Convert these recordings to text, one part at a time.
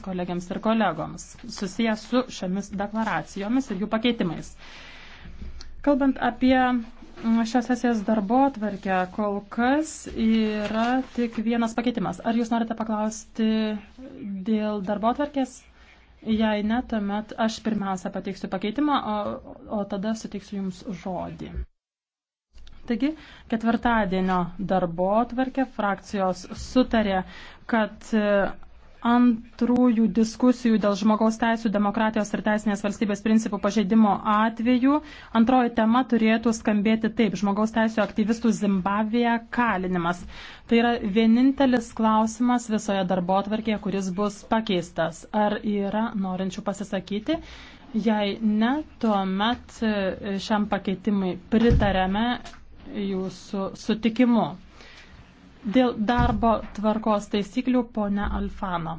kolegoms, kolegiams ir kolegoms, susijęs su šiomis deklaracijomis ir jų pakeitimais. Kalbant apie mm, šios sesijos darbo atvarkę, kol kas yra tik vienas pakeitimas. Ar jūs norite paklausti dėl darbo atvarkės? Jei ne, tuomet aš pirmiausia pateiksiu pakeitimą, o, o tada suteiksiu jums žodį. Taigi, ketvirtadienio darbo tvarkė frakcijos sutarė, kad antrųjų diskusijų dėl žmogaus teisų, demokratijos ir teisinės valstybės principų pažeidimo atveju. Antroji tema turėtų skambėti taip - žmogaus teisų aktyvistų Zimbabvėje kalinimas. Tai yra vienintelis klausimas visoje darbo atvarkėje, kuris bus pakeistas. Ar yra norinčių pasisakyti? Jei ne, tuomet šiam pakeitimui pritarėme jūsų sutikimu. Dėl darbo tvarkos taisyklių ponia Alfano.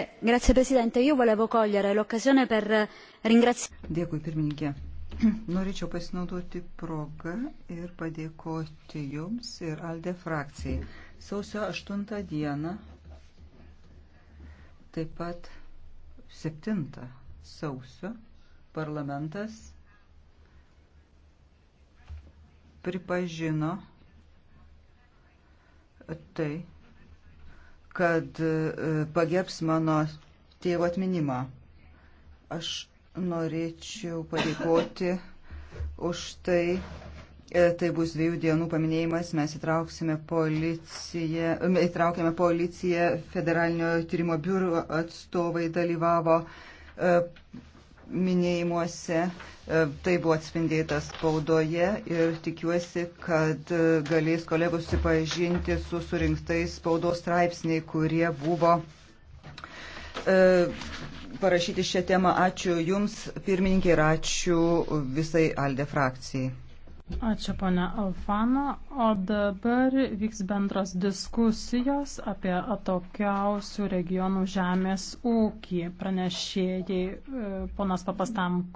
Eh, grazie Presidente, io volevo cogliere l'occasione per ringraziare. Dėkui pirmininkė. Norėčiau pasinaudoti progą ir padėkoti Jums ir Alde frakcijai. Sausio 8 dieną, taip pat 7 sausio parlamentas pripažino tai, kad e, pagerbs mano tėvo atminimą. Aš norėčiau padėkoti už tai. E, tai bus dviejų dienų paminėjimas, mes įtrauksime policiją, įtraukėme policiją, federalinio tyrimo biuro atstovai dalyvavo, e, minėjimuose. E, tai buvo atspindėta spaudoje ir tikiuosi, kad e, galės kolegos susipažinti su surinktais spaudos straipsniai, kurie buvo e, parašyti šią temą. Ačiū Jums, pirmininkė, ir ačiū visai Alde frakcijai. Ačiū, ponia Alfano. O dabar vyks bendros diskusijos apie atokiausių regionų žemės ūkį. Pranešėjai, e, ponas Papastamko.